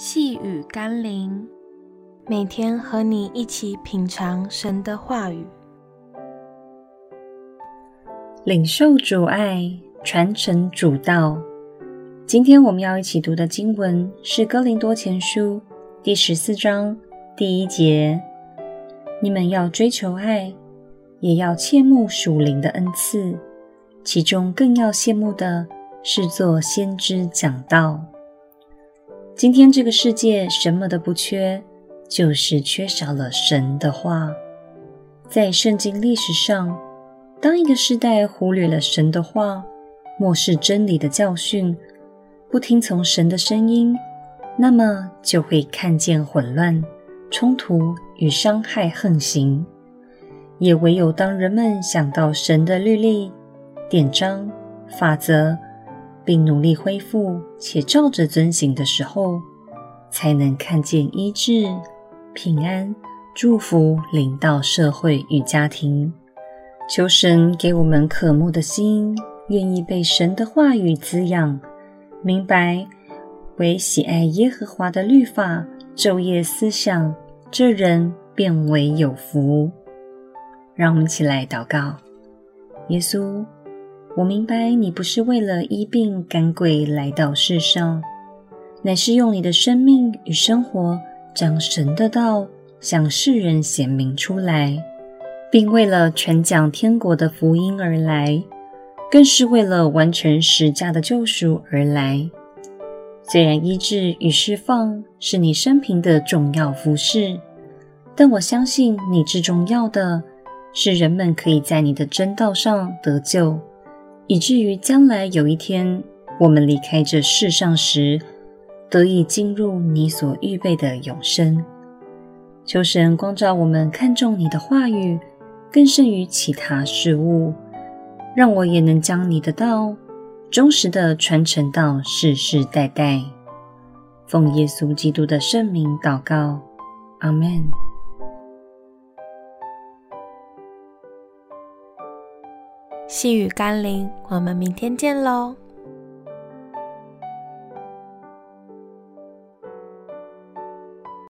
細語甘霖，每天和你一起品嘗神的話語，領受主愛，傳承主道。今天我們要一起讀的經文是《哥林多前書》第十四章第一節：你們要追求愛，也要切慕屬靈的恩賜，其中更要羨慕的是做先知講道。今天這個世界什麼都不缺，就是缺少了神的話。在聖經歷史上，當一個世代忽略了神的話，漠視真理的教訓，不聽從神的聲音，那麼就會看見混亂、衝突與傷害橫行。也唯有當人們想到神的律例、典章、法則，並努力恢復，且照着遵行的時候，才能看見醫治、平安、祝福，臨到社會與家庭。求神給我們渴慕的心，願意被神的話語滋養，明白惟喜愛耶和華的律法，晝夜思想，這人便為有福。讓我們一起來禱告，耶穌。我明白，你不是為了醫病趕鬼來到世上，乃是用你的生命與生活將神的道向世人顯明出來，並為了傳講天國的福音而來，更是為了完成十架的救贖而來。雖然醫治與釋放是你生平的重要服事，但我相信你最重要的，是人們可以在你的真道上得救。以至於將來有一天，我們離開這世上時，得以進入你所預備的永生。求神光照我們，看重你的話語，更甚於其他事物。讓我也能將你的道，忠實地傳承到世世代代。奉耶穌基督的聖名禱告，阿們！細語甘霖，我們明天見嘍。